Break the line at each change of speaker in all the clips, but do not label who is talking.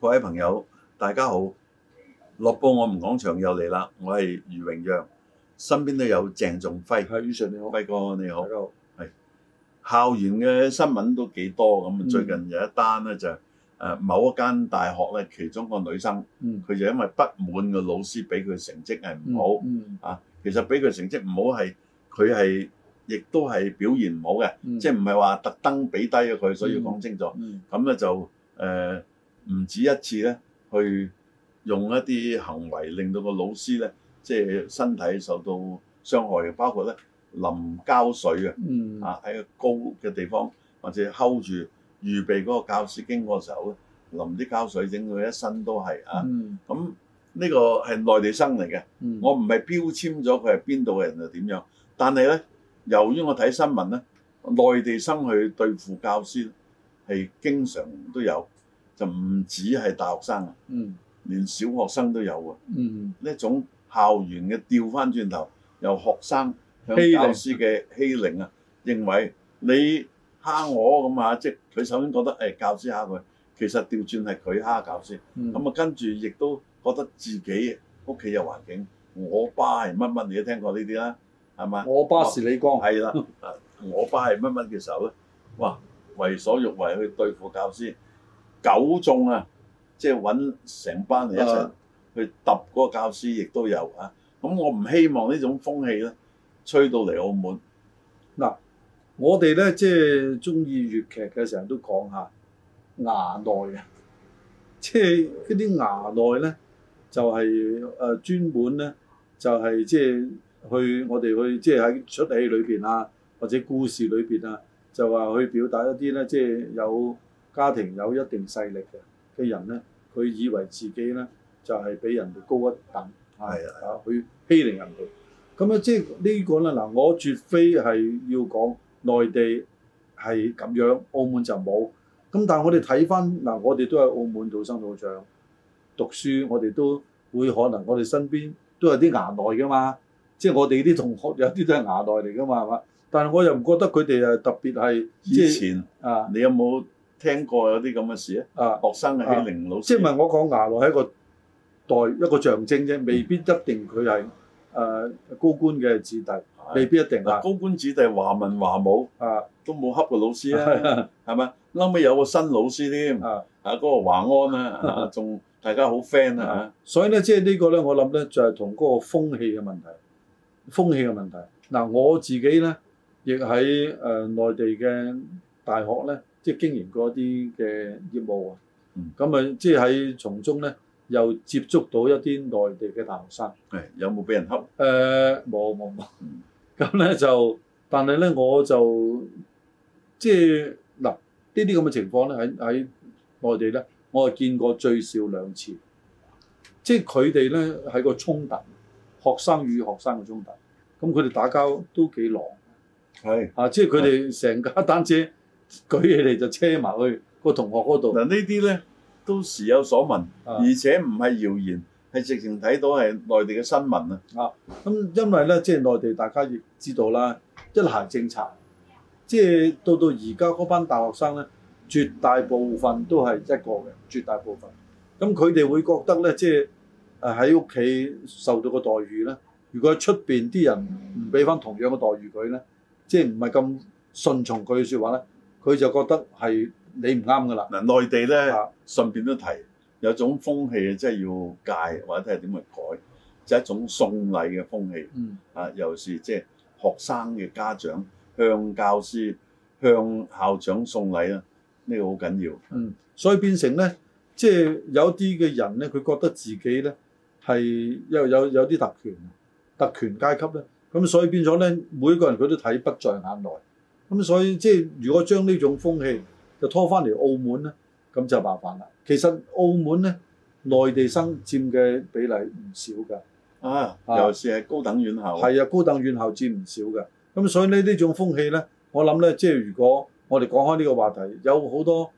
各位朋友，大家好！樂報我唔講場又嚟啦，我係余榮陽，身邊都有鄭仲輝。係余 Sir，你好，輝哥你好，大家好。校園嘅新聞都幾多咁，最近有一單呢，嗯、就某一間大學呢，其中個女生，佢、嗯、就因為不滿個老師俾佢成績係唔好，嗯、啊，其實俾佢成績唔好係佢係。亦都係表現唔好嘅，嗯、即係唔係話特登俾低咗佢，所以要講清楚。咁咧、嗯嗯、就誒唔、呃、止一次咧，去用一啲行為令到個老師咧，即係身體受到傷害嘅，包括咧淋膠水嘅，嗯、啊喺個高嘅地方或者 hold 住預備嗰個教師經過嘅時候咧淋啲膠水，整到佢一身都係、嗯、啊。咁呢個係內地生嚟嘅，嗯、我唔係標籤咗佢係邊度嘅人就點樣，但係咧。由於我睇新聞咧，內地生去對付教師，係經常都有，就唔止係大學生啊，嗯、連小學生都有喎。呢一、嗯、種校園嘅調翻轉頭，由學生向教師嘅欺凌啊，凌認為你蝦我咁啊，即係佢首先覺得誒、欸、教師蝦佢，其實調轉係佢蝦教師。咁啊、嗯，跟住亦都覺得自己屋企有環境，我爸係乜乜，你都聽過呢啲啦。係嘛？我爸是李剛係啦，我爸係乜乜嘅時候咧？哇！為所欲為去對付教師，九眾啊，即係揾成班人一齊去揼嗰個教師，亦都有啊！咁、啊啊、我唔希望呢種風氣咧吹到嚟澳門。嗱，我哋咧即係中意粵劇嘅，時候都講下衙內啊，即係嗰啲衙內咧就係、是、誒、呃、專門咧就係即係。就是去我哋去即係喺出戲裏邊啊，或者故事裏邊啊，就話去表達一啲咧，即係有家庭有一定勢力嘅嘅人咧，佢以為自己咧就係、係、比人哋高一等，係啊，去欺凌人哋。咁啊，即係呢個咧嗱，我絕非係要講內地係咁樣，澳門就冇。咁但係我哋睇翻嗱，我哋都係澳門土生土長，讀書，我哋都會可能我哋身邊都有啲牙內㗎嘛。即係我哋啲同學有啲都係衙內嚟㗎嘛，係嘛？但係我又唔覺得佢哋特別係以前啊，你有冇聽過有啲咁嘅事咧？啊，學生欺凌老師，即係問我講衙內係一個代一個象徵啫，未必一定佢係高官嘅子弟，未必一定高官子弟華文華武啊，都冇恰過老師啊，係咪？後屘有個新老師添啊，嗰個華安啦，仲大家好 friend 啦，所以咧即係呢個咧，我諗咧就係同嗰個風氣嘅問題。風氣嘅問題，嗱我自己咧，亦喺誒內地嘅大學咧，即係經營過一啲嘅業務，咁啊，即係喺從中咧又接觸到一啲內地嘅大學生。係、嗯、有冇俾人恰？誒冇冇冇。咁咧、嗯、就，但係咧我就即係嗱呢啲咁嘅情況咧喺喺內地咧，我係見過最少兩次，即係佢哋咧喺個衝突。學生與學生嘅衝突，咁佢哋打交都幾狼的。係啊，即係佢哋成架單車舉起嚟就車埋去個同學嗰度。嗱呢啲咧都時有所聞，啊、而且唔係謠言，係直情睇到係內地嘅新聞啊。啊，咁因為咧即係內地大家亦知道啦，一孩政策，即係到到而家嗰班大學生咧，絕大部分都係一個嘅，絕大部分。咁佢哋會覺得咧，即係。誒喺屋企受到個待遇咧，如果喺出面啲人唔俾翻同樣嘅待遇佢咧，嗯、即係唔係咁順從佢嘅説話咧，佢就覺得係你唔啱㗎啦。嗱，內地咧，啊、順便都提有種風氣，即係要戒或者係點樣改，就係一種送禮嘅風氣。嗯。啊，尤其是即係學生嘅家長向教師、向校長送禮啦，呢個好緊要。嗯。所以變成咧，即係有啲嘅人咧，佢覺得自己咧。係因為有有有啲特權，特權階級咧，咁所以變咗咧，每個人佢都睇不在眼內，咁所以即係如果將呢種風氣就拖翻嚟澳門咧，咁就麻煩啦。其實澳門咧，內地生佔嘅比例唔少㗎。啊，尤其是係高等院校。係啊，啊，高等院校佔唔少㗎。咁所以呢，呢種風氣咧，我諗咧即係如果我哋講開呢個話題，有好多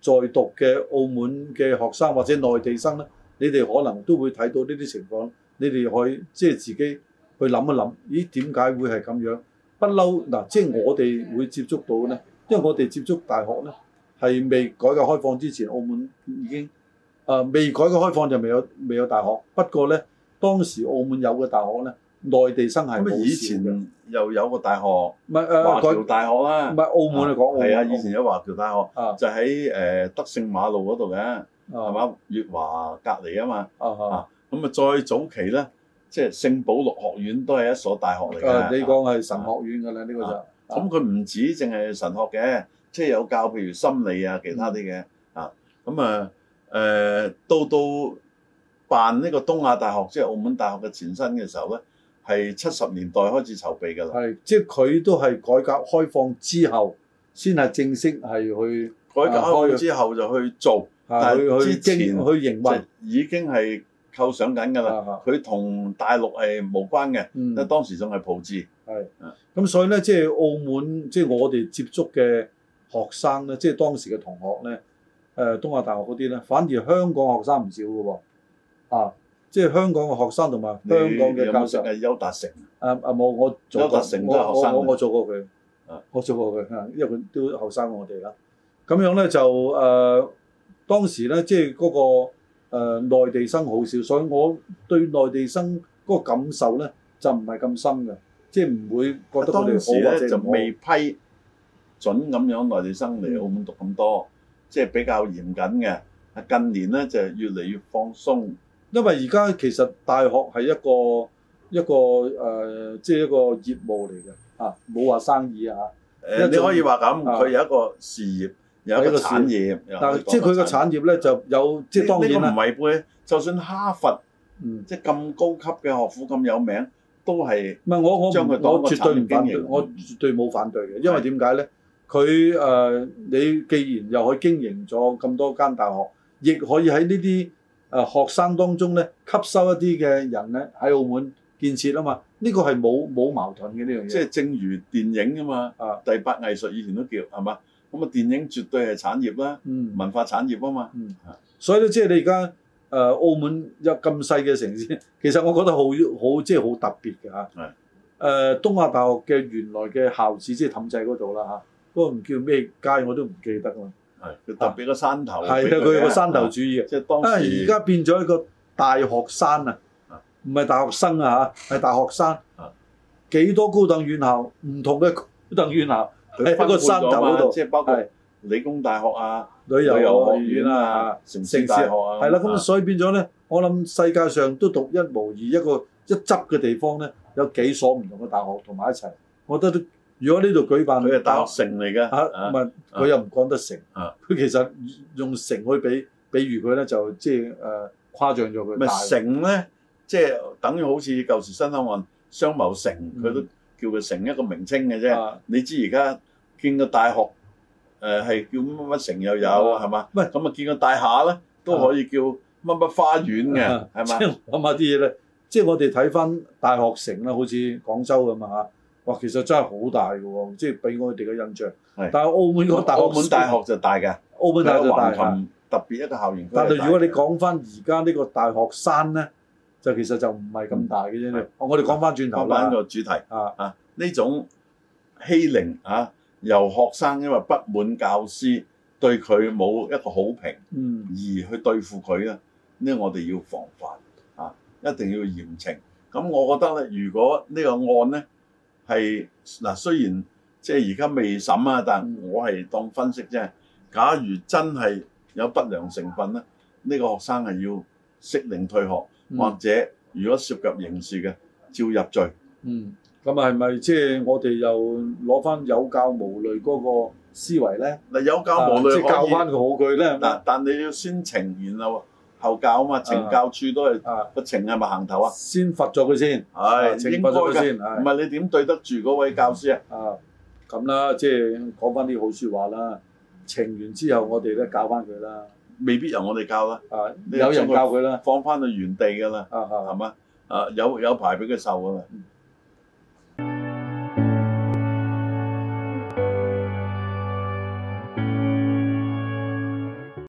在讀嘅澳門嘅學生或者內地生咧。你哋可能都會睇到呢啲情況，你哋可以即係自己去諗一諗，咦點解會係咁樣？不嬲嗱，即係我哋會接觸到咧，因為我哋接觸大學咧係未改革開放之前，澳門已經、啊、未改革開放就未有未有大學。不過咧，當時澳門有個大學咧，內地生係以前又有個大學，唔係誒華僑大學啦，唔係、啊、澳門嚟講，係啊，以前有華僑大學，啊、就喺德勝馬路嗰度嘅。係嘛、啊？越華隔籬啊嘛，啊咁啊！啊再早期咧，即、就、係、是、聖保祿學院都係一所大學嚟嘅。你講係神學院㗎啦，呢、啊、個就咁佢唔止淨係神學嘅，即、就、係、是、有教譬如心理啊其他啲嘅、嗯、啊。咁啊誒，到到辦呢個東亞大學，即、就、係、是、澳門大學嘅前身嘅時候咧，係七十年代開始籌備㗎啦。係即係佢都係改革開放之後先係正式係去改革開放之後就去做。但係佢之前佢營運已經係構想緊㗎啦。佢同大陸係無關嘅，因為當時仲係葡字。係咁，所以咧即係澳門，即係我哋接觸嘅學生咧，即係當時嘅同學咧，誒東亞大學嗰啲咧，反而香港學生唔少嘅喎。啊，即係香港嘅學生同埋香港嘅教授。有冇識邱達成？誒誒冇，我做過我我我做過佢，我做過佢，因為佢都後生我哋啦。咁樣咧就誒。當時咧，即係嗰個誒、呃、內地生好少，所以我對內地生嗰個感受咧就唔係咁深嘅，即係唔會覺得咁好，好。當時咧就未批准咁樣內地生嚟澳門讀咁多，嗯、即係比較嚴謹嘅。近年咧就係越嚟越放鬆，因為而家其實大學係一個一個誒、呃，即係一個業務嚟嘅嚇，冇、啊、話生意啊嚇。誒、呃，你可以話咁，佢、啊、有一個事業。有一個產業，但係即係佢個產業咧就有，即係當然唔違背，就算哈佛，嗯，即係咁高級嘅學府咁有名，都係唔係我我唔我絕對唔反對，我絕對冇反對嘅。的因為點解咧？佢誒、呃，你既然又去經營咗咁多間大學，亦可以喺呢啲誒學生當中咧吸收一啲嘅人咧喺澳門建設啊嘛。呢個係冇冇矛盾嘅呢樣嘢。這個、即係正如電影啊嘛，啊第八藝術以前都叫係嘛。係咪？咁啊，電影絕對係產業啦，啊，文化產業啊嘛，嗯嗯、所以咧，即係你而家誒澳門有咁細嘅城市，其實我覺得好好、就是啊是呃，即係好特別嘅嚇。誒，東亞大學嘅原來嘅校址即係氹仔嗰度啦嚇，嗰個唔叫咩街我都唔記得喎。係，啊、特別個山頭。係啊，佢係個山頭主義嘅。啊，而、就、家、是啊、變咗一個大學山、啊、不是大學生啊，唔係大學生啊嚇，係大學山。啊，幾多高等院校，唔同嘅高等院校。誒，包括山頭度，即係包括理工大學啊、旅遊學院啊、城市大學啊，係啦。咁所以變咗咧，我諗世界上都獨一無二，一個一執嘅地方咧，有幾所唔同嘅大學同埋一齊。我覺得，如果呢度舉辦，佢係大學城嚟嘅嚇，唔係佢又唔講得城。佢其實用城去比，比喻佢咧就即係誒誇張咗佢。咪城咧，即係等於好似舊時新口岸商貿城，佢都叫佢城一個名稱嘅啫。你知而家？見個大學，誒係叫乜乜城又有係嘛？唔咁啊！見個大廈咧都可以叫乜乜花園嘅係咪？即係諗下啲嘢咧，即係我哋睇翻大學城啦，好似廣州咁啊嚇！哇，其實真係好大嘅喎，即係俾我哋嘅印象。但係澳門個大學，澳門大學就大嘅，澳門大學大嚇。特別一個校園。但係如果你講翻而家呢個大學生咧，就其實就唔係咁大嘅啫。我哋講翻轉頭啦個主題啊啊！呢種欺凌嚇。由學生因為不滿教師對佢冇一個好評，嗯，而去對付佢咧，呢、呢個、我哋要防範啊，一定要嚴懲。咁我覺得咧，如果呢個案咧係嗱，雖然即係而家未審啊，但係我係當分析啫。假如真係有不良成分咧，呢、呢個學生係要適齡退學，嗯、或者如果涉及刑事嘅，照入罪。嗯。咁係咪即係我哋又攞翻有教無類嗰個思維咧？嗱，有教無類即係、啊就是、教翻佢好佢咧。嗱，但你要先懲然後後教啊嘛。懲教署都係、啊、個懲係咪行頭啊？先罰咗佢先，係應該嘅。唔係是你點對得住嗰位教師啊？嗯、啊，咁啦，即係講翻啲好說話啦。懲完之後我呢，我哋咧教翻佢啦。未必由我哋教啦、啊。有人教佢啦，放翻去原地㗎啦。係嘛、啊？啊，有有排俾佢受㗎啦。